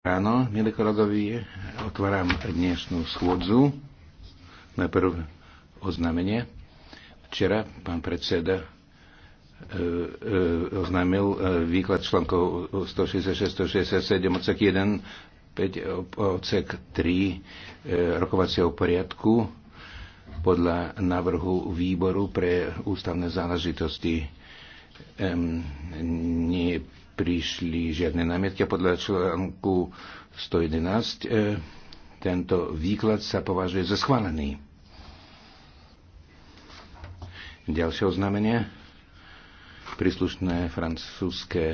Ráno, milí kolegovi, otváram dnešnú schôdzu. Najprv oznámenie. Včera pán predseda e, e, oznámil e, výklad článkov 166, 167, odsek 1, 5, odsek 3 rokovacieho poriadku podľa návrhu výboru pre ústavné záležitosti prišli žiadne námietky a podľa článku 111 e, tento výklad sa považuje za schválený. Ďalšie oznámenie. Príslušné francúzske